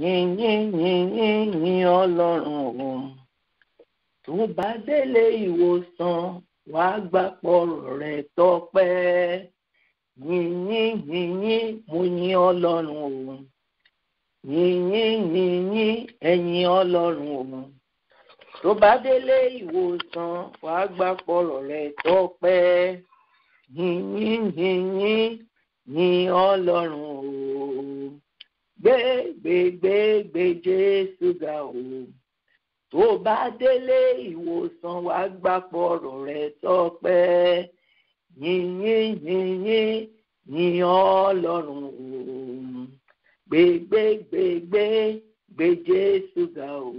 yìnyínyìnyín ọlọ́run o tó bá délé ìwòsàn wàá gbàpọ̀ rẹ̀ tọpẹ́ yìnyínyìnyín mo yìn ọlọ́run o yìnyínyìnyín ẹ̀yin ọlọ́run o tó bá délé ìwòsàn wàá gbàpọ̀ rẹ̀ tọpẹ́ yìnyínyìnyín yìn ọlọ́run o. gbégbégbégbé jésù ga o tó bá délé ìwòsàn wá gbàpọ̀ ọ̀rọ̀ rẹ tọ́pẹ́ yìnyín yìnyín ni ọlọ́run o gbégbégbégbé gbé jésù ga o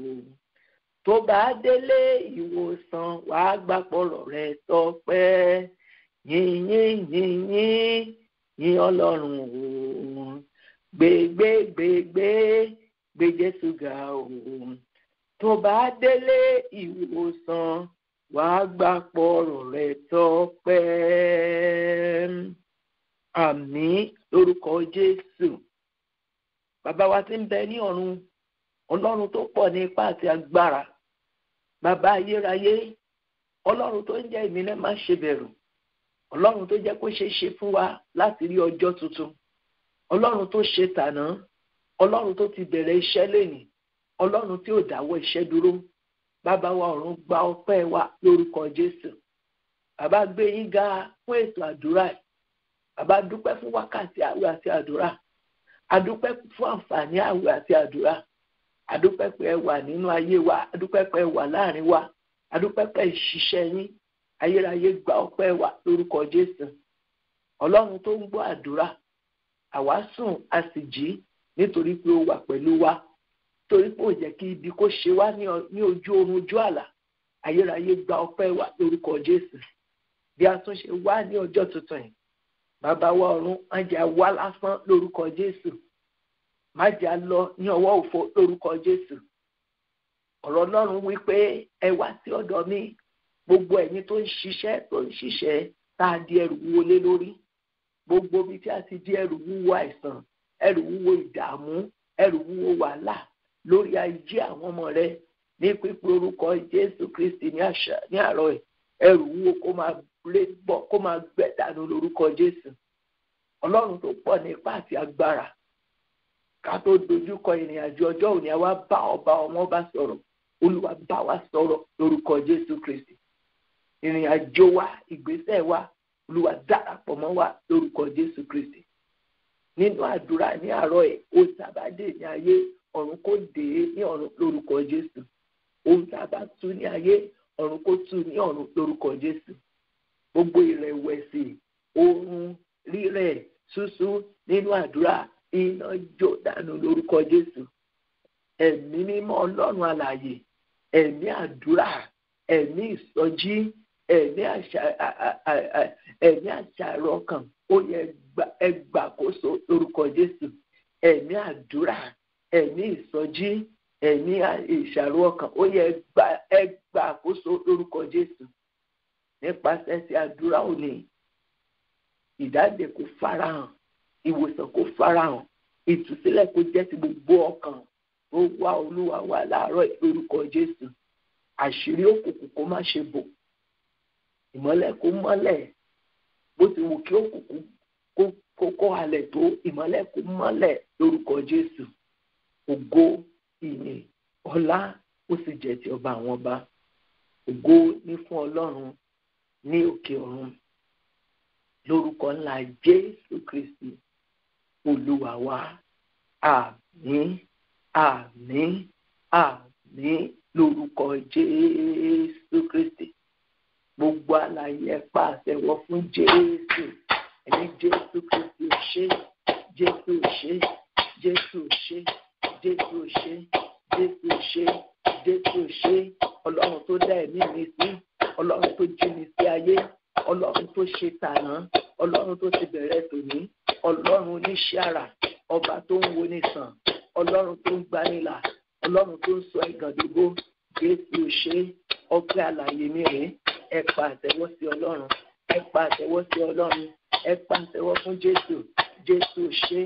tó bá délé ìwòsàn wá gbàpọ̀ ọ̀rọ̀ rẹ tọ́pẹ́ yìnyín yìnyín ni ọlọ́run o. gbégbégbégbé gbé jésù ga òun tó bá délé ìwòsàn wàá gbà pọ̀rọ̀ rẹ̀ tọ́pẹ́ àmì lórúkọ jésù bàbá wa tí ń bẹ ní ọ̀run ọlọ́run tó pọ̀ ní ipá àti agbára bàbá ayérayé ọlọ́run tó ń jẹ́ ìmílẹ̀ má ṣe bẹ̀rù ọlọ́run tó jẹ́ kó ṣeé ṣe fún wa láti rí ọjọ́ tuntun ọlọ́run tó ṣe tàná ọlọ́run tó ti bẹ̀rẹ̀ iṣẹ́ lẹ́nìí ọlọ́run tí ò dáwọ́ iṣẹ́ dúró bàbá wa ọ̀run gba ọpẹ́ wa lórúkọ jésù bàbá gbé yín ga fún ètò àdúrà yìí bàbá dúpẹ́ fún wákàtí àwẹ̀ àti àdúrà adúpẹ́ fún àǹfààní àwẹ̀ àti àdúrà adúpẹ́ pé wà nínú ayé wa adúpẹ́ pé ẹ wà láàrin wa adúpẹ́ pé ìṣiṣẹ́ yín ayérayé gba ọpẹ́ wa lórúkọ jésù ọlọ́run tó ń gbọ́ àdúrà àwa sùn a sì jí nítorí pé ó wà pẹ̀lú wa torí pé ó jẹ́ kí ibi kó ṣe wá ní ojú oorun ojú àlà ayérayé gba ọpẹ́ wa lórúkọ Jésù bí a tún ṣe wá ní ọjọ́ tuntun yìí bàbá wa ọ̀run má jẹ́ a wá lásán lórúkọ Jésù má jẹ́ a lọ ní ọwọ́ òfo lórúkọ Jésù ọ̀rọ̀ Ọlọ́run wí pé ẹ wá sí ọ̀dọ̀ mi gbogbo ẹ̀yin tó ń ṣiṣẹ́ tó ń ṣiṣẹ́ tá a di ẹrù wọlé lórí gbogbo ibi tí a ti di ẹrù wúwo àìsàn ẹrù wúwo ìdààmú ẹrù wúwo wàhálà lórí ayé àwọn ọmọ rẹ ní pípé orúkọ Jésù Kristi ní àárọ̀ ẹ̀ ẹrù wúwo kó máa lé bọ̀ kó máa gbẹ dànù lórúkọ Jésù Ọlọ́run tó pọ̀ ní ipá àti agbára ká tó dojúkọ ìrìn àjò ọjọ́ òní àwa bá ọba ọmọ bá sọ̀rọ̀ Olúwa wa sọ̀rọ̀ lórúkọ Jésù Kristi ìrìn àjò wa ìgbésẹ̀ wa olúwa darapọ̀ mọ́ wa lórúkọ jésù kristi nínú àdúrà ní àárọ̀ ẹ̀ ó sábàdé ní ayé ọ̀run kò dé ní ọ̀run lórúkọ jésù ohun tá a bá tú ní ayé ọ̀run kò tú ní ọ̀run lórúkọ jésù gbogbo ìrẹ̀wẹ̀sì oorun rírẹ̀ ṣúṣú nínú àdúrà iná jó dànù lórúkọ jésù ẹ̀mí mímọ́ ọlọ́run alààyè ẹ̀mí àdúrà ẹ̀mí ìsọjí ẹ̀mí àṣàrò ọkàn ó yẹ ẹgbàkóso lórúkọ Jésù ẹ̀mí àdúrà ẹ̀mí ìsọjí ẹ̀mí ìṣàrò ọkàn ó yẹ ẹgbàkóso lórúkọ Jésù nípasẹ̀ sí àdúrà òní ìdáǹdè kò farahàn ìwòsàn kò farahàn ìtúsílẹ̀ kò jẹ́ ti gbogbo ọkàn ó wá olúwa wá láàárọ̀ lórúkọ Jésù àṣírí òkùnkùn kó má ṣe bò ìmọ́lẹ̀ kó mọ́lẹ̀ bó ti wù kí òkùnkùn kó kó halẹ̀ tó ìmọ́lẹ̀ kó mọ́lẹ̀ lórúkọ Jésù ògo ìyìn ọlá ó sì jẹ́ ti ọba àwọn ọba ògo ní fún Ọlọ́run ní òkè ọ̀run lórúkọ ńlá Jésù Kristi Olúwa wa àmín àmín àmín lórúkọ Jésù Kristi gbogbo àlàyé ẹ̀pá àtẹ̀wọ́ fún jésù ẹ̀mí jésù kristu ṣe jésù ṣe jésù ṣe jésù ṣe jésù ṣe jésù ṣe ọlọ́run tó dá ẹ̀mí mi sí ọlọ́run tó jí mi sí ayé ọlọ́run tó ṣe tàná ọlọ́run tó ti bẹ̀rẹ̀ tòní ọlọ́run oníṣẹ́ àrà ọba tó ń woni sàn ọlọ́run tó ń gbanilà ọlọ́run tó ń sọ ẹ̀gàn dógó jésù ṣe ọpẹ́ àlàyé mi rèé. ẹ pa àtẹ́wọ́ sí ọlọ́run ẹ pa àtẹ́wọ́ sí ọlọ́run ẹ pa àtẹ́wọ́ fún jésù jésù ṣe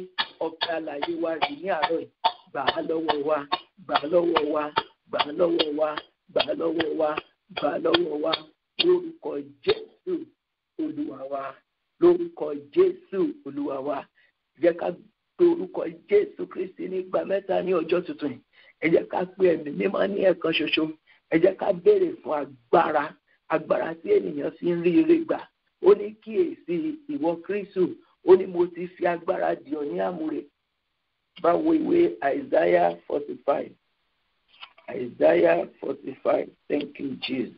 ọ̀pẹ àlàyé wa rí ní àárọ̀ yìí gbà á lọ́wọ́ wa gbà á lọ́wọ́ wa gbà á lọ́wọ́ wa gbà á lọ́wọ́ wa gbà á lọ́wọ́ wa lórúkọ jésù olúwa lórúkọ jésù olúwa wa jẹ́ ká pé jésù kristi ní ìgbà mẹ́ta ní ọjọ́ tuntun yìí ẹ jẹ́ ká pé ẹ̀mí mímọ́ ní ẹ̀kan ṣoṣo ẹ jẹ́ ká béèrè fún agbára agbára tí ènìyàn fi ń rí ire gbà ó ní kíyèsí ìwọ kristu ó ní mo ti fi agbára dì ọ ní àmúre bá wo ìwé Isaiah forty five Isaiah forty five thank you jesus.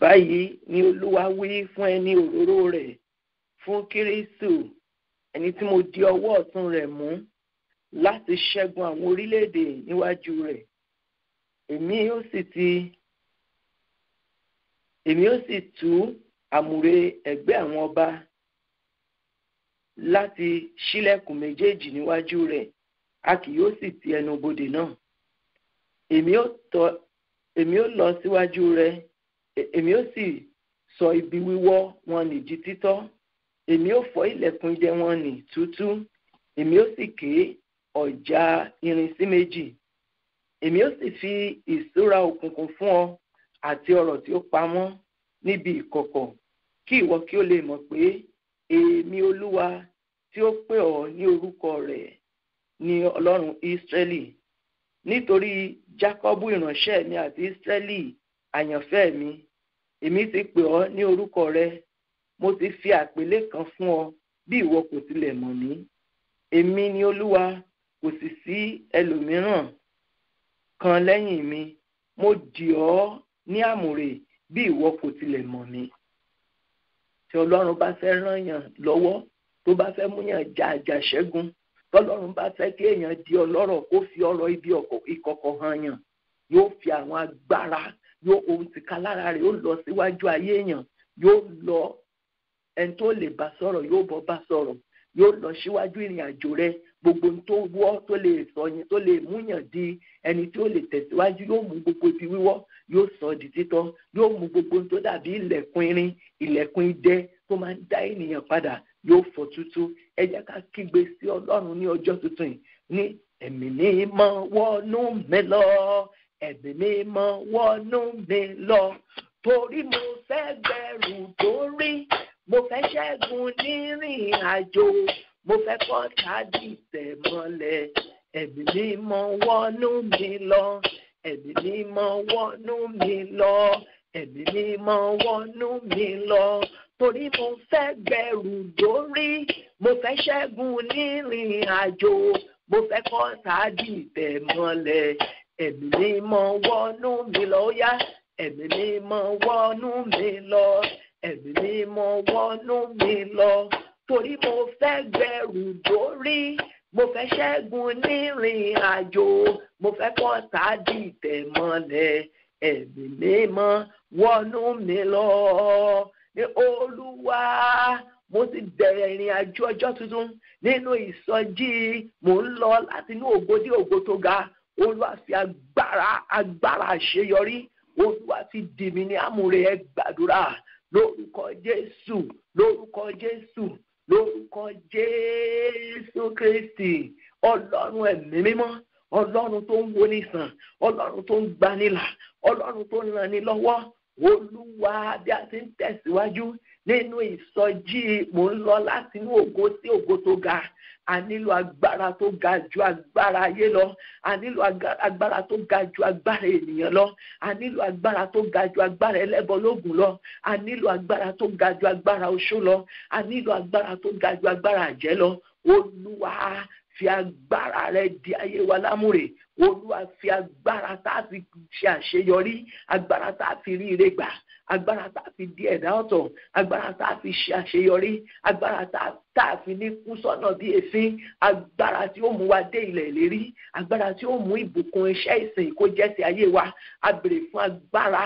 báyìí ni olúwa wí fún ẹni òróró rẹ̀ fún kírísù ẹni tí mo di ọwọ́ ọ̀tún rẹ̀ mú láti ṣẹ́gun àwọn orílẹ̀-èdè níwájú rẹ̀ èmi yóò sì ti èmi yóò sì tú àmùrè ẹ̀gbẹ́ àwọn ọba láti ṣílẹ̀kùn méjèèjì níwájú rẹ̀ a kì yóò sì ti ẹnu bodè náà èmi yóò lọ síwájú rẹ̀ èmi yóò sì sọ ibi wíwọ́ wọn nì di títọ́ èmi yóò fọ́ ilẹ̀kùn idẹ wọn tútú èmi yóò sì ké ọ̀já irin sí méjì èmi ó sì fi ìṣúra òkùnkùn fún ọ àti ọ̀rọ̀ tí ó pamọ́ níbi ìkọ̀kọ̀ kí ìwọ kí o lè mọ̀ pé èmi olúwa tí ó pè ọ́ ní orúkọ rẹ̀ ni ọlọ́run ìsírẹ́lì nítorí jákọ́bù ìránṣẹ́ mi àti ìsírẹ́lì àyànfẹ́ mi èmi ti pè ọ́ ní orúkọ rẹ mo ti fi àpèlé kan fún ọ bí ìwọ kò tilẹ̀ mọ̀ mí èmi ni olúwa kò sì sí ẹlòmíràn kan lẹ́yìn mi mo dì ọ́ ní àmùrè bí ìwọ kò tilẹ̀ mọ̀ mi tí ọlọ́run bá fẹ́ ràn yàn lọ́wọ́ tó bá fẹ́ mú yàn jà àjà ṣẹ́gun tọ́lọ́run bá fẹ́ kí èèyàn di ọlọ́rọ̀ kó fi ọ̀rọ̀ ibi ìkọ̀kọ̀ hàn yàn yóò fi àwọn agbára yóò ohun tí ká lára rẹ̀ yóò lọ síwájú ayé èèyàn yóò lọ ẹni tó lè bá sọ̀rọ̀ yóò bọ́ bá sọ̀rọ̀ yóò lọ síwájú ìrìn àjò rẹ̀ gbogbo tó wọ́ tó lè sọ yẹn tó lè múyàn di ẹni tí ó lè tẹ̀síwájú yóò mú gbogbo ibi wíwọ́ yóò sọ di títọ́ yóò mú gbogbo tó dàbí ilẹ̀kùn irin ilẹ̀kùn idẹ tó máa ń dá ènìyàn padà yóò fọ́ tútú ẹ jẹ́ ká kígbe sí ọlọ́run ní ọjọ́ tuntun yìí ní ẹ̀mí mímọ́ wọnú mi lọ ẹ̀mí mímọ́ wọnú mi lọ torí mo fẹ́ gbẹrù torí mo fẹ́ ṣẹ́gun nírìn àjò mo fẹ́ kọ́ tájì tẹ̀ mọ́lẹ̀ ẹ̀mí mímọ́ wọnú mi lọ ẹ̀mí mímọ́ wọnú mi lọ ẹ̀mí mímọ́ wọnú mi lọ torí mo fẹ́ gbẹ̀rù dórí mo fẹ́ ṣẹ́gun nírìn àjò mo fẹ́ kọ́ tájì mọ́lẹ̀ ẹ̀mí mímọ́ wọnú mi lọ ó yá ẹ̀mí mímọ́ wọnú mi lọ ẹ̀mí mímọ́ wọnú mi lọ. torí mo fẹ́ gbẹrù dórí mo fẹ́ ṣẹ́gun nírìn àjò mo fẹ́ kọ́ tádì tẹ̀mọ́lẹ̀ ẹ̀mí mímọ́ wọnú mi lọ ní olúwa mo ti bẹ̀rẹ̀ ìrìn àjò ọjọ́ tuntun nínú ìsọjí mò ń lọ láti inú ògo dé ògo tó ga olúwa fi agbára agbára àṣeyọrí olúwa ti dì mí ní àmúre ẹ gbàdúrà lórúkọ jésù lórúkọ jésù lórúkọ jésù kristi ọlọ́run ẹ̀mí mímọ́ ọlọ́run tó ń woni sàn ọlọ́run tó ń gbanilà ọlọ́run tó ń ranni lọ́wọ́ olúwa bí a ti ń tẹ̀síwájú nínú ìsọjí mò ń lọ láti inú ògo sí ògo tó ga a nílò agbára tó ga ju agbára ayé lọ a nílò agbára tó ga ju agbára ènìyàn lọ a nílò agbára tó ga ju agbára ẹlẹ́bọ lọ a nílò agbára tó ga ju agbára oṣó lọ a nílò agbára tó ga ju agbára àjẹ́ lọ olúwa fi agbára rẹ di ayé wa lámúre olúwa fi agbára tá a fi ṣe àṣeyọrí agbára tá a fi rí ire gbà agbára tá a fi di ẹ̀dá ọ̀tọ̀ agbára tá a fi ṣe àṣeyọrí agbára tá a fi ní kú sọ́nà bí èéfín agbára tí ó mú wa dé ilẹ̀ ìlérí agbára tí ó mú ìbùkún iṣẹ́ ìsìn kó jẹ́ ti ayé wa a béèrè fún agbára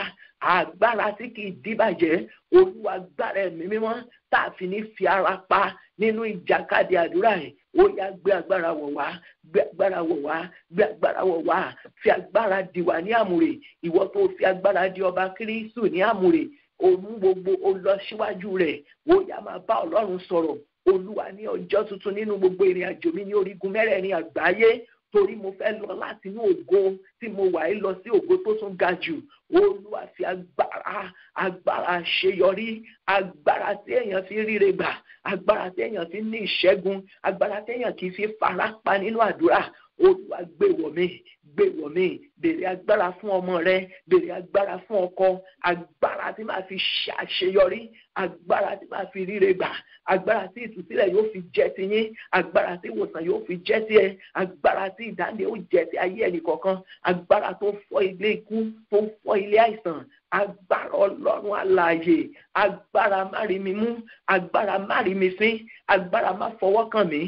agbára tí kì í díbàjẹ́ olúwa agbára ẹ̀mí mímọ́ tá a fi ní fi ara pa nínú ìjàkadì àdúrà yìí ó yá gbé agbára wọ̀ wá gbé agbára wọ̀ wá gbé agbára wọ̀ wá fi agbára di wá ní àmùrè ìwọ tó fi agbára di ọba kírísù ní àmùrè òun gbogbo ó lọ síwájú rẹ̀ wo yá máa bá ọlọ́run sọ̀rọ̀ olúwa ní ọjọ́ tuntun nínú gbogbo ìrìn àjò mi ní orígun mẹ́rẹ̀ẹ̀rin àgbáyé torí mo fẹ́ lọ láti inú ògo tí mo wà yìí lọ sí ògo tó tún ga jù olúwa fi agbára agbára àṣeyọrí agbára tí èèyàn fi ríre gbà agbára tí èèyàn fi ní ìṣẹ́gun agbára tí èèyàn kì í fi fara pa nínú àdúrà olúwa gbé wọ̀ mí gbé wọ̀ mí béèrè agbára fún ọmọ rẹ béèrè agbára fún ọkọ agbára tí máa fi ṣàṣeyọrí agbára tí máa fi ríre gbà agbára tí ìtúsílẹ̀ yóò fi jẹ́ ti yín agbára tí ìwòsàn yóò fi jẹ́ ti ẹ agbára tí ìdáǹdè yóò jẹ́ ti ayé ẹnì kọ̀ọ̀kan agbára tó fọ́ ilé ikú tó fọ́ ilé àìsàn agbára ọlọ́run alààyè agbára má rí mi mú agbára má rí mi fín agbára má fọwọ́ kàn mí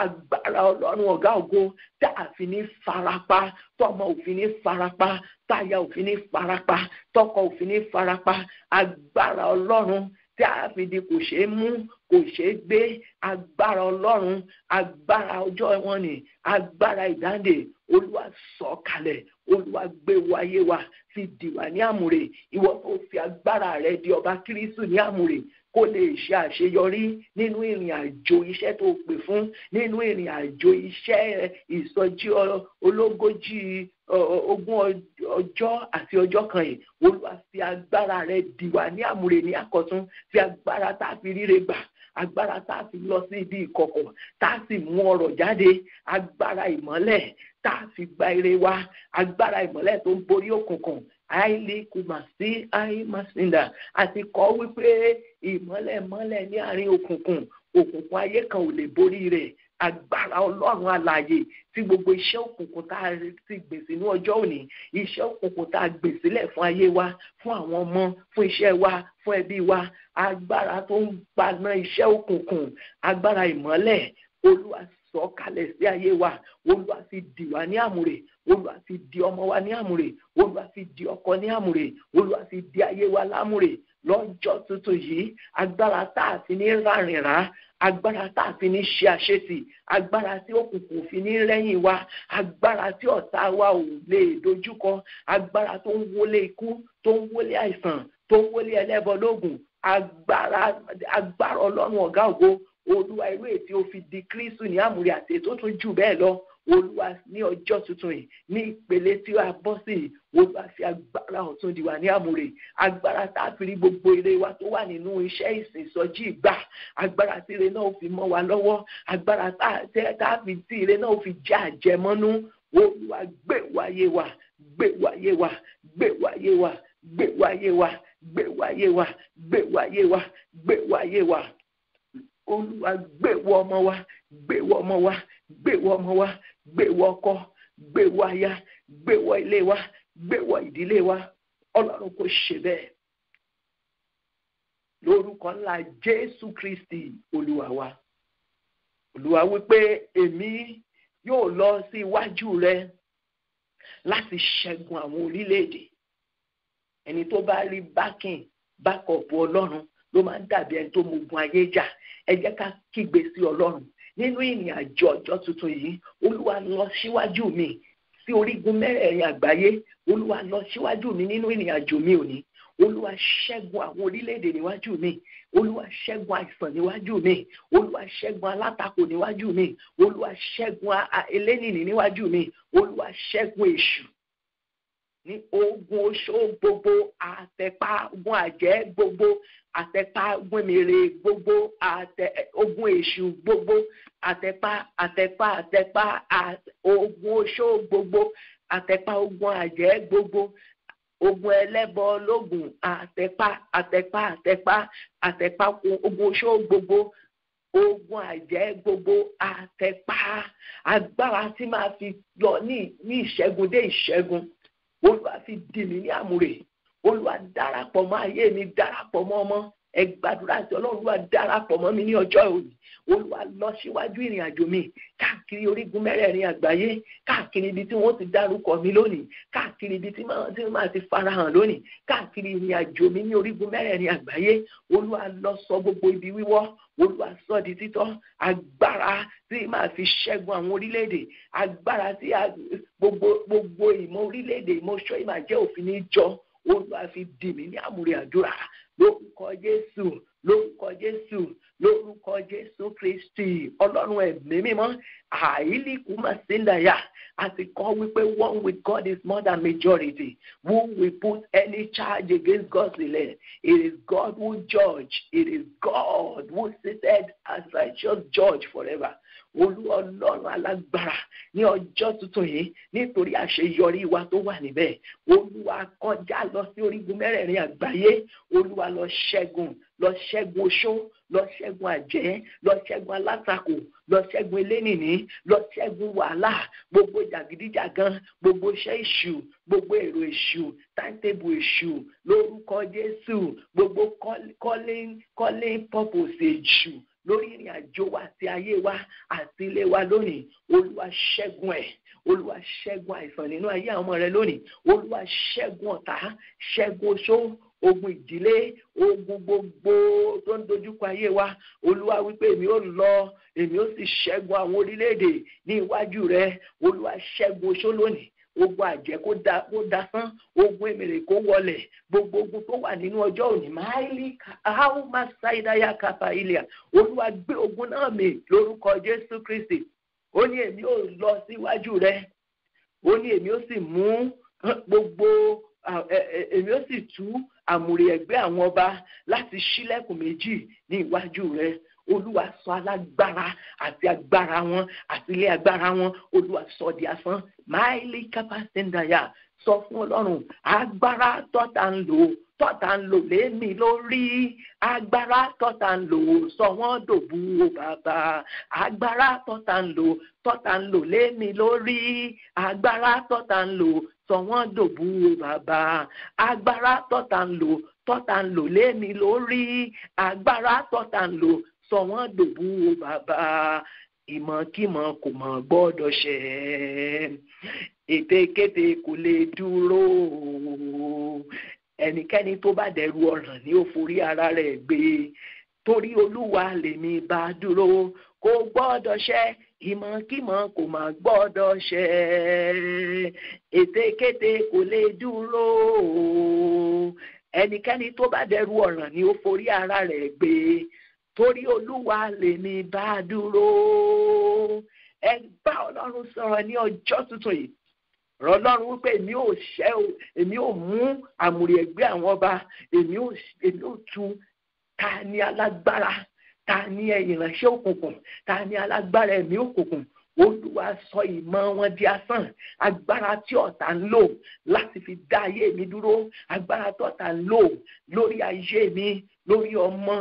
agbára ọlọ́run ọ̀gá ògo tá a fi ní farapa tọmọ òfin ní farapa táyà òfin ní farapa tọkọ òfin ní farapa agbára ọlọ́run tí a fi di kò ṣeé mú kò ṣeé gbé agbára ọlọ́run agbára ọjọ́ wọn ni agbára ìdáǹdè olúwa sọ kalẹ̀ olúwa gbé wáyé wa fi dì ní àmùrè ìwọ tó fi agbára rẹ di ọba kírísù ní àmùrè kó lè ṣe àṣeyọrí nínú ìrìn àjò iṣẹ́ tó pè fún nínú ìrìn àjò iṣẹ́ ìsọjí ológójì ogún ọjọ́ àti ọjọ́ kan yìí olúwa fi agbára rẹ dì wá ní àmúre ní àkọ́tún fi agbára tá a fi ríre gbà agbára tá a fi lọ sí ibi ìkọ̀kọ̀ tá a sì mú ọrọ̀ jáde agbára ìmọ́lẹ̀ tá a fi gba ire wa agbára ìmọ́lẹ̀ tó ń borí òkùnkùn àìlè kùmàsí àìmàsíndà àti kọ́ wípé ìmọ́lẹ̀ mọ́lẹ̀ ní àárín òkùnkùn òkùnkùn ayé kan ò lè borí rẹ̀ agbára ọlọ́run alààyè tí gbogbo iṣẹ́ òkùnkùn tá a ti gbè sínú ọjọ́ òní iṣẹ́ òkùnkùn tá a gbè fún ayé wa fún àwọn ọmọ fún iṣẹ́ wa fún ẹbí wa agbára tó ń gbaná iṣẹ́ òkùnkùn agbára ìmọ́lẹ̀ olúwa sọ̀kalẹ̀ sí ayé wa olúwa fi dì wá ní àmùrè olúwa fi di ọmọ wa ní àmùrè olúwa fi di ọkọ ní àmùrè olúwa fi di ayé wa lámùrè lọ́jọ́ tuntun yìí agbára tá a ti ní rárìnrà agbára tá a fi ní ṣe àṣetì agbára tí òkùnkùn ò fi ní rẹ́yìn wa agbára tí ọ̀tá wa ò lè dojúkọ agbára tó ń wọlé ikú tó ń wọlé àìsàn tó ń wọlé ẹlẹ́bọ lóògùn agbára agbára ọlọ́run ọ̀gá ògo olúwa irú ètí ó fi di kírísù ní àmúrí àti ètò tún jù bẹ́ẹ̀ lọ olúwa ní ọjọ́ tuntun yìí ní ìpele tí a bọ́ sí yìí olúwa fi agbára ọ̀tún di wa ní àmúre agbára tá a fi rí gbogbo ire wa tó wà nínú iṣẹ́ ìsìn ìsọjí ìgbà agbára tí ire náà fi mọ́ wa lọ́wọ́ agbára tá a fi tí ire náà fi jẹ́ àjẹmọ́nú olúwa gbé wáyé wa gbé wáyé wa gbé wáyé wa gbé wáyé wa gbé wáyé wa gbé wáyé wa gbé wáyé wa olúwa gbé wọ ọmọ wa gbé wọ ọmọ wa gbèwọ ọmọ wa gbèwọ ọkọ gbèwọ aya gbèwọ ilé wa gbèwọ ìdílé wa ọlọ́run kò ṣe bẹ́ẹ̀ lórúkọ ńlá jésù kristi olúwa wa olúwa wípé èmi yóò lọ sí iwájú rẹ láti ṣẹ́gun àwọn orílẹ̀-èdè ẹni tó bá rí bákìn bákọ̀ọ̀bù ọlọ́run ló máa ń dàbí ẹni tó mogun ayé jà ẹ jẹ́ ká kígbe sí ọlọ́run nínú ìrìn àjò ọjọ́ tuntun yìí olúwa lọ síwájú mi sí orígun mẹ́rẹ̀ẹ̀rin àgbáyé olúwa lọ síwájú mi nínú ìrìn àjò mi òní olúwa ṣẹ́gun àwọn orílẹ̀-èdè níwájú mi olúwa ṣẹ́gun àìsàn níwájú mi olúwa ṣẹ́gun alátakò níwájú mi olúwa ṣẹ́gun elénìní níwájú mi olúwa ṣẹ́gun èṣù ní ogun oṣó gbogbo àtẹ̀pá ogun àjẹ́ gbogbo àtẹ̀pá ogun mèrè gbogbo àtẹ̀ ogun èṣù gbogbo àtẹ̀pá àtẹ̀pá àtẹ̀pá ogun oṣó gbogbo àtẹ̀pá ogun àjẹ́ gbogbo ogun ẹlẹ́bọ lógun àtẹ̀pá àtẹ̀pá àtẹ̀pá àtẹ̀pá ogun oṣó gbogbo ogun àjẹ́ gbogbo àtẹ̀pá agbára tí máa fi lọ ní ìṣẹ́gun dé ìṣẹ́gun olúwa fi dì mí ní àmúre olúwa darapọ̀ mọ́ ayé mi darapọ̀ mọ́ ọmọ ẹ gbàdúrà sí ọlọ́run wa darapọ̀ mọ́ mi ní ọjọ́ òní olúwa lọ síwájú ìrìn àjò mi káàkiri orígun mẹ́rẹ̀ẹ̀rin àgbáyé káàkiri ibi tí wọ́n ti dárúkọ mi lónìí káàkiri ibi tí màá ti farahàn lónìí káàkiri ìrìn àjò mi ní orígun mẹ́rẹ̀ẹ̀rin àgbáyé olúwa lọ sọ gbogbo ibi wíwọ́ olúwa sọ di títọ́ agbára tí màá fi ṣẹ́gun àwọn orílẹ̀-èdè agbára tí gbogbo ìmọ̀ orílẹ̀-èdè ìmọ̀ ṣọ́ ìmọ̀ àjẹ́ òfin ní jọ olúwa fi dì mí ní àmúre àdúrà lórúkọ jésù lórúkọ jésù lórúkọ jésù kristi ọlọ́run ẹ̀mí mímọ́ àìlí kùmàsíndàyà àti kọ́ wípé one with God is more than majority who will put any charge against God's elect it is God who judge it is God who seated as righteous judge forever olú ọlọ́run alágbára ní ọjọ́ tuntun yìí nítorí àṣeyọrí wa tó wà níbẹ̀ olúwa kọjá lọ sí orígun mẹ́rẹ̀ẹ̀rin àgbáyé olúwa lọ ṣẹ́gun lọ ṣẹ́gun oṣó lọ ṣẹ́gun àjẹ́ lọ ṣẹ́gun alátakò lọ ṣẹ́gun elénìní lọ ṣẹ́gun wàhálà gbogbo jàgídíjàgan gbogbo iṣẹ́ èṣù gbogbo èrò èṣù táńtẹ́bù èṣù lórúkọ jésù gbogbo calling calling purpose èṣù lórí ìrìn àjò wa àti ayé wa àti ilé wa lónìí olúwa ṣẹ́gun ẹ̀ olúwa ṣẹ́gun àìsàn nínú ayé àwọn ọmọ rẹ lónìí olúwa ṣẹ́gun ọ̀tá ṣẹ́gun oṣó ogun ìdílé ogun gbogbo tó ń dojúkọ ayé wa olúwa wípé èmi ò lọ èmi ò sì ṣẹ́gun àwọn orílẹ̀-èdè ní iwájú rẹ olúwa ṣẹ́gun oṣó lónìí ogun àjẹ́ kó dasán ogun èmèrè kó wọlẹ̀ gbogbo ogun tó wà nínú ọjọ́ òní máìlì ahoma saidaya kapa ilẹ̀ olúwa gbé ogun náà mì lórúkọ jésù kristi ó ní èmi ò lọ síwájú rẹ ó ní èmi ò sì mú gbogbo èmi ó sì tú àmùrè ẹ̀gbẹ́ àwọn ọba láti ṣílẹ̀kùn méjì ní iwájú rẹ olúwa sọ alágbára àti agbára wọn àti ilé agbára wọn olúwa sọ di asán máìlì kápásíńdáyà sọ fún ọlọ́run agbára tọ́ta ń lò tọ́ta ń lò lémi lórí agbára tọ́ta ń lò sọ wọ́n dòbu o bàbá agbára tọ́ta ń lò tọ́ta ń lò lémi lórí agbára tọ́ta ń lò sọ wọ́n dòbú bàbá agbára tọ́ta ń lò tọ́ta ń lò lémi lórí agbára tọ́ta ń lò sọ wọ́n dòbú bàbá ìmọ̀kímọ̀ kò mọ̀ gbọ́dọ̀ ṣẹ̀ ètekéte kò lè dúró ẹnikẹ́ni tó bá dẹ̀rù ọ̀ràn ni ó forí ara rẹ̀ gbé torí olúwa lèmi bá dúró kò gbọ́dọ̀ ṣẹ̀ ìmọ̀kímọ̀ kò mà gbọ́dọ̀ ṣẹ ètekéte kò lè dúró ẹnikẹ́ni tó bá dẹrù ọ̀ràn ni ó forí ara rẹ̀ gbé torí olúwa lèmi bá dúró ẹ bá ọlọ́run sọ̀rọ̀ ní ọjọ́ tuntun yìí rọ wípé èmi ò ṣẹ́ o èmi ò mú àmùrè ẹ̀gbẹ́ àwọn ọba èmi ò tu ta ni alágbára ta ni ìránṣẹ́ òkùnkùn ta ni alágbára ẹ̀mí òkùnkùn olúwa sọ ìmọ̀ wọn di asán agbára tí ọ̀tá ń lò láti fi dá ayé mi dúró agbára tí ọ̀tá ń lò lórí ayé mi lórí ọmọ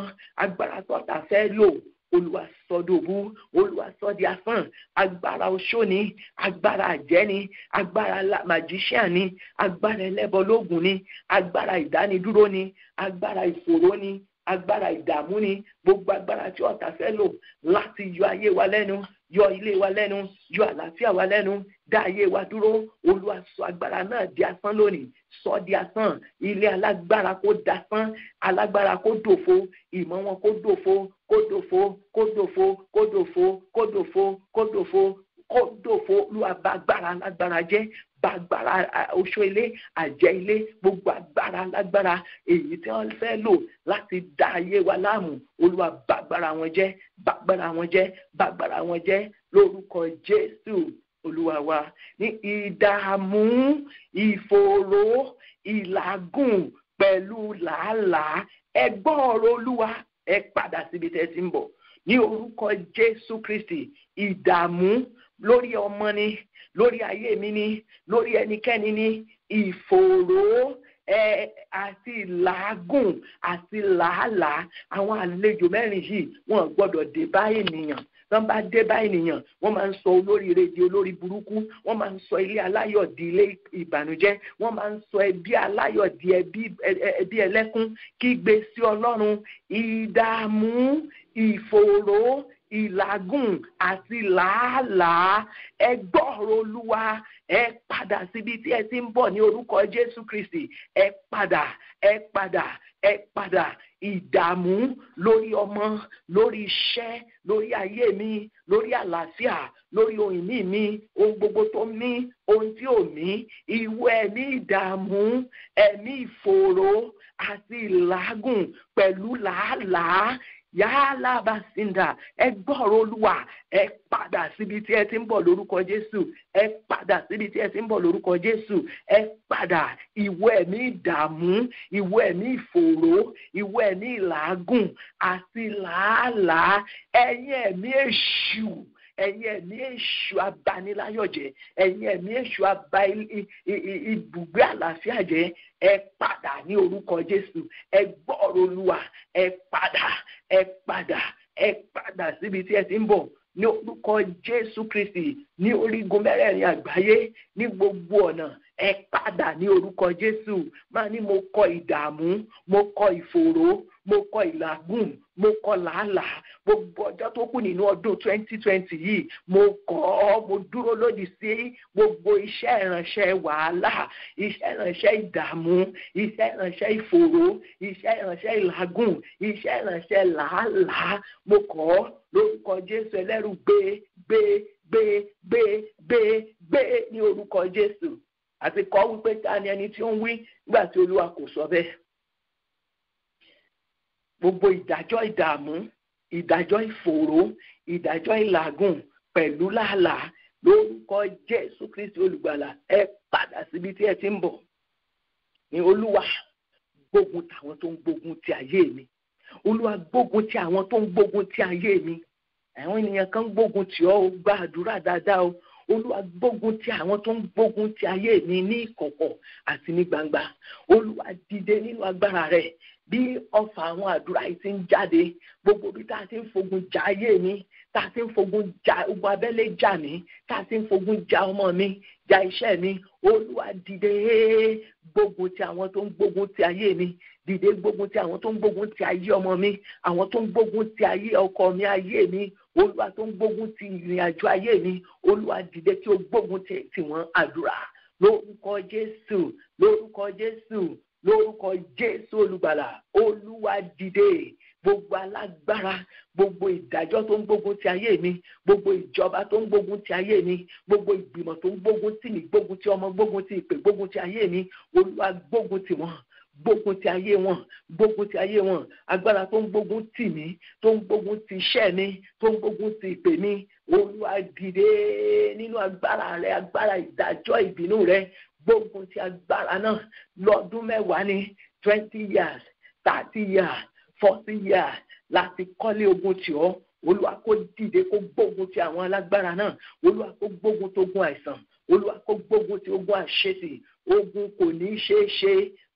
agbára tí ọ̀tá fẹ́ lò olúwa sọ dòbú olúwa sọ di asán agbára oṣó agbára àjẹ́ agbára magician ni agbára ẹlẹ́bọlógún ni agbára ìdánidúró ni agbára ìṣòro ni agbára ìdààmú ni gbogbo agbára tí ọ̀tá fẹ́ lò láti yọ ayé wa lẹ́nu yọ ilé wa lẹ́nu yọ àlàáfíà wa lẹ́nu dá ayé wa dúró olúwa sọ agbára náà di asán lónìí sọ di asán ilé alágbára kó dasán alágbára kó dòfo ìmọ̀ wọn kó dòfo kó dòfo kó dòfo kó dòfo kó dòfo kó dòfo kó dòfo olúwa bá alágbára jẹ́ ba agbára oṣó ilé àjẹ ilé gbogbo agbára lágbára èyí tí wọ́n fẹ́ lò láti dá ayé wa láàmú olúwa ba agbára wọn jẹ́ ba agbára wọn jẹ́ ba agbára wọn jẹ́ lórúkọ jésù olúwa wa ní ìdààmú ìfòòró ìlàgùn pẹ̀lú làálàá ẹ gbọ́ olúwa ẹ padà síbi tẹ́ ń bọ̀ ní orúkọ jésù kristi ìdààmú lórí ọmọ ni lórí ayé mi ni lórí ẹnikẹ́ni ni ìfòòró àti làágùn àti làálàá àwọn àlejò mẹ́rin yìí wọ́n gbọ́dọ̀ dé bá ènìyàn tán bá dé bá ènìyàn wọ́n máa ń sọ olóríire di olórí burúkú wọ́n máa ń sọ ilé aláyọ̀ di ilé ìbànújẹ́ wọ́n máa ń sọ ẹbí aláyọ̀ di ẹbí ẹlẹ́kún kígbe sí ọlọ́run ìdààmú ìfòòró ìlágùn àti làálàá ẹ gbọ́rọ̀ olúwa ẹ padà síbi tí ẹ ti ń bọ̀ ní orúkọ jésù kristi ẹ padà ẹ padà ẹ padà ìdààmú lórí ọmọ lórí iṣẹ́ lórí ayé mi lórí àlàáfíà lórí ohun ìní mi ohun gbogbo tó mí ohun tí ò mí ìwọ ẹ̀mí ìdààmú ẹ̀mí ìfòòró àti ìlágùn pẹ̀lú làálàá yàhálàbàsíndà ẹ gbọ́rọ̀ olúwa ẹ padà síbi tí ẹ ti ń bọ̀ lórúkọ jésù ẹ tí ẹ ti ń bọ̀ lórúkọ jésù ẹ padà ìwọ ẹ̀mí ìdààmú ìwọ ẹ̀mí ìfòòró ìwọ ẹ̀mí ìlàágùn àti ẹ̀yin ẹ̀mí èṣù abaniláyọ̀jẹ́ ẹ̀yin ẹ̀mí èṣù aba ibùgbé àlàáfíà jẹ́ ẹ padà ní orúkọ Jésù ẹ gbọ́rọ̀ Olúwa ẹ padà ẹ padà ẹ padà síbi tí ẹ ti ń bọ̀ ní orúkọ Jésù Kristi ní orígun mẹ́rẹ̀ẹ̀rin àgbáyé ní gbogbo ọ̀nà ẹ padà ní orúkọ Jésù máa ní mo kọ ìdààmú mo kọ ìfòòró mo kọ ìlàgùn mo kọ làálàá gbogbo ọjọ́ tó kù nínú ọdún 2020 yìí mo kọ ọ́ mo dúró lòdì sí gbogbo iṣẹ́ ìránṣẹ́ wàhálà iṣẹ́ ìránṣẹ́ ìdààmú iṣẹ́ ìránṣẹ́ ìfòòró iṣẹ́ ìránṣẹ́ ìlàgùn iṣẹ́ ìránṣẹ́ làálàá mo kọ ọ́ lórúkọ Jésù ẹlẹ́rù gbé gbé gbé gbé gbé gbé ní orúkọ Jésù àti kọ́ wípé ta ni ẹni tí ó ń wí nígbà tí Olúwa kò sọ bẹ́ẹ̀ gbogbo ìdájọ́ ìdààmú ìdájọ́ ìfòòró ìdájọ́ ìlàgùn pẹ̀lú làálàá lórúkọ jésù kristi olùgbàlà ẹ padà síbi tí ẹ ti ń bọ̀ ní olúwa gbógun tàwọn tó ń gbógun ti ayé mi olúwa gbógun ti àwọn tó ń gbógun ti ayé mi àwọn ènìyàn kan gbógun tì ọ́ gba àdúrà dáadáa o olúwa gbógun ti àwọn tó ń gbógun ti ayé mi ní ìkọ̀kọ̀ àti ní gbangba olúwa dìde nínú agbára rẹ bí ọfà àwọn àdúrà yìí ti ń jáde gbogbo bí tá a ti ń fogun jà ayé mi tá a ti ń fogun jà ogun abẹ́lé jà mí tá a ti ń fogun jà ọmọ mi jà iṣẹ́ mi olúwa dìde gbógun ti àwọn tó ń gbógun ti ayé mi dìde gbógun ti àwọn tó ń gbógun ti ayé ọmọ mi àwọn tó ń gbógun ti ayé ọkọ mi ayé mi olúwa tó ń gbógun ti ìrìn ayé mi olúwa dìde kí o gbógun ti tiwọn àdúrà lórúkọ jésù lórúkọ jésù lórúkọ jésù olùgbàlà olúwa dìde gbogbo alágbára gbogbo ìdájọ́ tó ń gbógun ti ayé mi gbogbo ìjọba tó ń gbógun ti ayé mi gbogbo ìgbìmọ̀ tó ń gbógun tì mí gbógun ti ọmọ gbógun ti ìpè gbógun ti ayé mi olúwa gbógun tì wọ́n gbógun ti ayé wọn gbógun ti ayé wọn agbára tó ń gbógun tì mí tó ń gbógun ti iṣẹ́ mi tó ń gbógun ti ìpè mi olúwa dìde nínú agbára rẹ agbára ìdájọ́ ìbínú rẹ gbógun ti agbára náà lọ́dún mẹ́wàá ní twenty years thirty years forty years láti kọ́lé ogun tì ọ́ olúwa kó dìde kó gbógun ti àwọn alágbára náà olúwa kó gbógun togun àìsàn olúwa kó gbógun ti ogun àṣetì ogun kò ní í ṣeé ṣe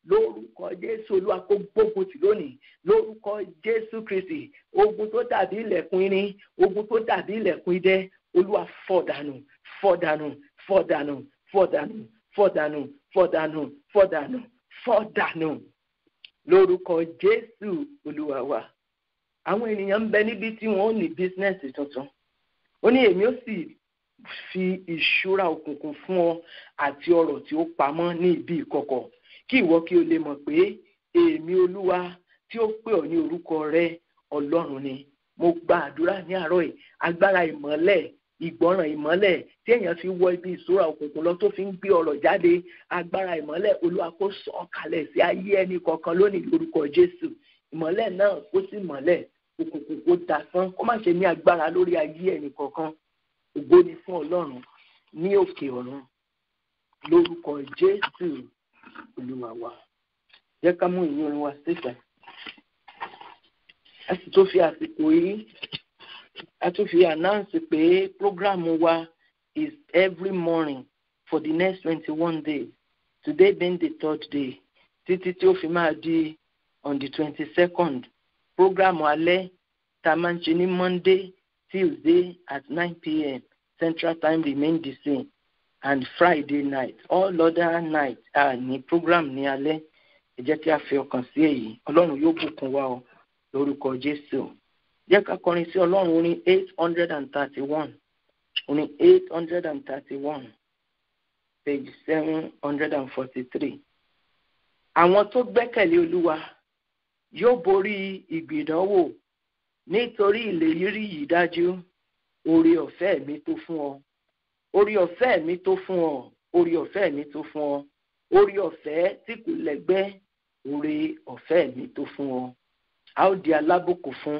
lórúkọ jésù olúwa kó gbógun tì lónìí lórúkọ jésù kristi ogun tó dàbí ilẹ̀kùn irin ogun tó dàbí ilẹ̀kùn idẹ olúwa fọ̀dànù fọ̀dànù fọ̀dànù fọ̀dànù fọ̀dànù fọ̀dànù fọ̀dànù fọ̀dànù lórúkọ jésù olúwa wa àwọn ènìyàn ń bẹ níbi tí wọn ò ní bísínẹ́sì tuntun ó ní èmi ó sì fi ìṣúra òkùnkùn fún ọ àti ọrọ̀ tí ó pamọ́ ní ibi ìkọ̀kọ̀ kí ìwọ kí o lè mọ̀ pé èmi olúwa tí ó pè ọ́ ní orúkọ rẹ ọlọ́run ni mo gba àdúrà ní àárọ̀ yìí agbára ìmọ́lẹ̀ ìgbọràn ìmọ́lẹ̀ tí èèyàn fi wọ ibi ìṣúra òkùnkùn lọ tó fi ń gbé ọ̀rọ̀ jáde agbára ìmọ́lẹ̀ olúwa kó sọ ọ́ kalẹ̀ sí ayé ẹni kọ̀ọ̀kan lónìí lórúkọ jésù ìmọ́lẹ̀ náà kó sì mọ́lẹ̀ òkùnkùn kó dasán kó má ṣe ní agbára lórí ayé ẹni kọ̀ọ̀kan ògo ni fún ọlọ́run ní òkè ọ̀run lórúkọ jésù olúwa wa jẹ́ ká mú ìyìn orin wa síta a sì tó fi àsìkò yìí a tún announce pé program, wa is every morning for the next twenty-one days today being the third day títí tí ó fi di on the twenty-second Program alẹ́ tá a máa ń ṣe ní monday tuesday at nine pm central time remain the same and friday night all other night uh, ní program ní alẹ́ ẹ jẹ́ kí a fi ọkàn sí èyí ọlọ́run yóò bùkún wa o lórúkọ jésù. jẹ́ ká kọrin sí ọlọ́run ó eight hundred and thirty one ó eight hundred and thirty one page seven hundred and forty three àwọn tó gbẹ́kẹ̀lé olúwa yóò borí ìgbìdánwò nítorí ìlérí yìí dájú orí ọ̀fẹ́ mi tó fún ọ orí ọ̀fẹ́ mi tó fún ọ orí ọ̀fẹ́ mi tó fún ọ orí ọ̀fẹ́ tí kò lẹ́gbẹ́ orí ọ̀fẹ́ mi tó fún ọ a ó di alábùkún fún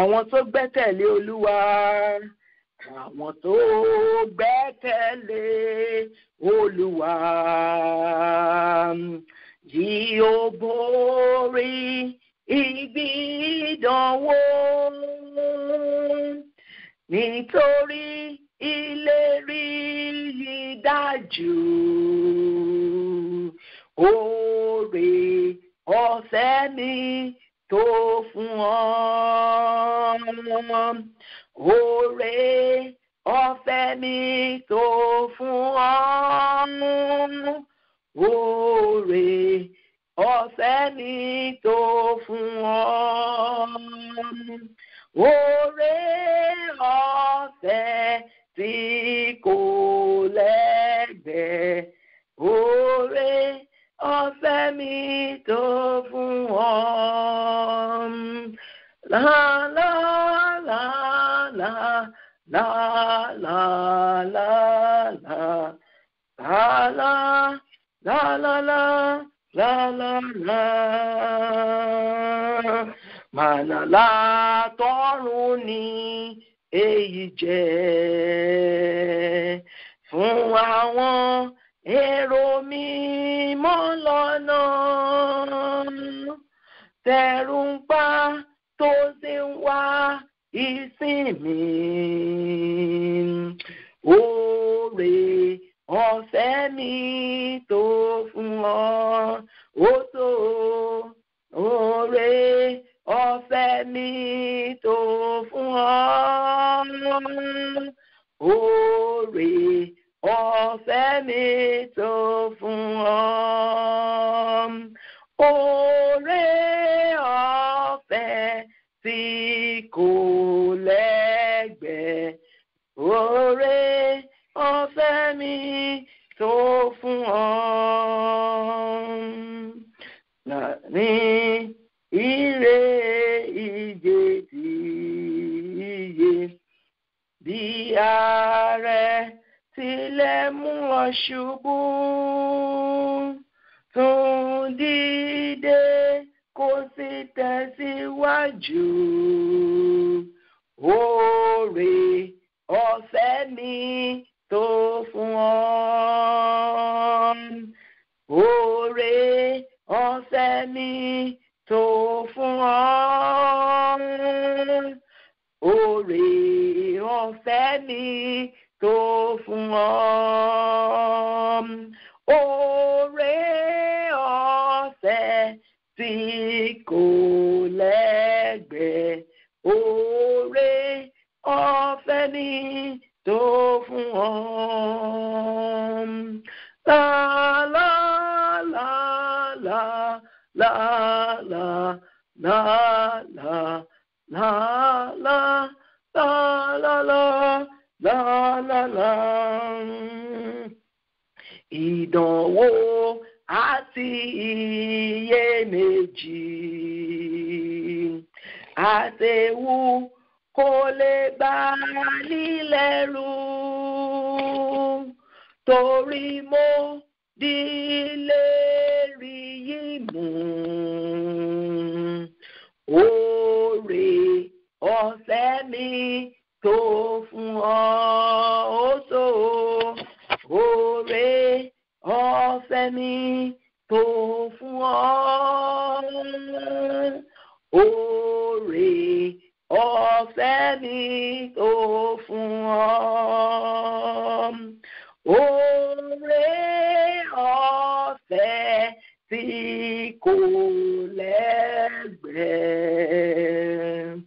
àwọn tó gbẹ́kẹ̀lé olúwa àwọn tó gbẹ́kẹ̀lé olúwa yìí ó borí ibi ìdánwò nítorí ìlérí yìí dájú oore ọ̀fẹ́ mi. fún ọ. Oore ọ̀fẹ́ mi tó fún ọ. Oore ọ̀fẹ́ mi tó fún ọ. Oore ọ̀fẹ́ tí kò lẹ́gbẹ̀ẹ́. Oore ọ̀fẹ́ ọ̀fẹ́ mi tó fún ọ. La la la la la la la la la la la la la la la la tọ̀run ni èyí jẹ́ fún àwọn èrò mi mọ́ lọ́nà tẹ̀rùǹpa tó ti ń wá ọ̀fẹ́ mi tó fún ọ ó ọ̀fẹ́ mi tó fún ọ ọ̀fẹ́ tó fún ọ. Oore ọ̀fẹ́ tí kò Ore ọ̀fẹ́ ni tó fún ọ. La la la la la la la la la la la la la la la la. Ìdánwò àti iyèméjì àtẹ̀wù kò lè gbà nílẹ̀rú torí mo dílé rí yìí mú oore ọ̀fẹ́ mi tó fún ọ ó tó oore ọ̀fẹ́ mi tó fún ọ oore ọ̀fẹ́ mi tó fún ọ. Oore ọ̀fẹ́ tí kò lẹ́gbẹ̀ẹ́.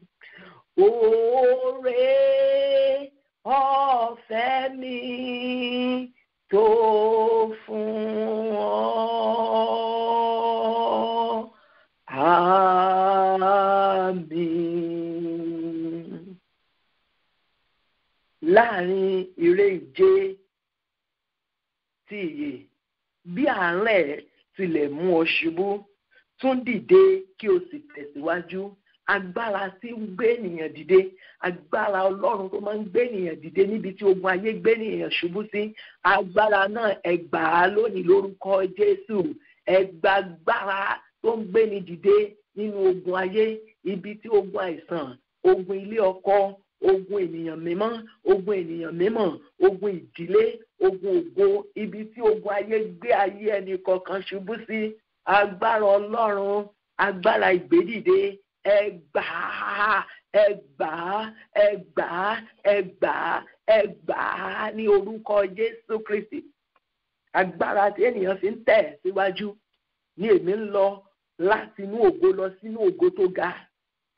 Oore ọ̀fẹ́ mi tó bí àárẹ̀ tilẹ̀ mú ọ ṣubú tún dìde kí o sì tẹ̀síwájú agbára tí ń gbé ènìyàn dìde agbára ọlọ́run tó máa ń gbé ènìyàn dìde níbi tí ogun ayé gbé ènìyàn ṣubú sí agbára náà ẹ gbà á lónìí lórúkọ jésù ẹ gba agbára tó ń gbéni dìde nínú ogun ayé ibi tí ogun àìsàn ogun ilé ọkọ ogun ènìyàn mímọ́ ogun ènìyàn mímọ́ ogun ìdílé ogun ògo ibi tí ogun ayé gbé ayé ẹnì kọ̀ọ̀kan ṣubú sí agbára ọlọ́run agbára ìgbédìde ẹgbàá ẹgbàá ẹgbàá ẹgbàá ẹgbàá ní orúkọ jésù kristi agbára tí ènìyàn fi ń tẹ̀ síwájú ni èmi ń lọ láti inú ògo lọ sínú ògo tó ga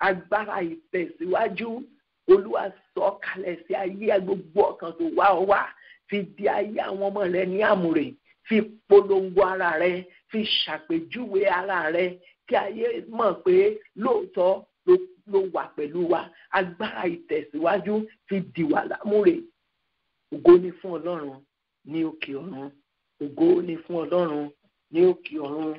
agbára ìtẹ̀síwájú. Si olúwa sọ kalẹ̀ sí ayé gbogbo ọkàn tó wá ọ wá fi di ayé àwọn ọmọ rẹ ní àmùrè fi polongo ara rẹ fi ṣàpèjúwe ara rẹ kí ayé mọ̀ pé lóòótọ́ ló wà pẹ̀lú wa agbára ìtẹ̀síwájú fi dì wá lámùrè ògo ni fún ọlọ́run ní òkè ọ̀run ògo ni fún ọlọ́run ní òkè ọ̀run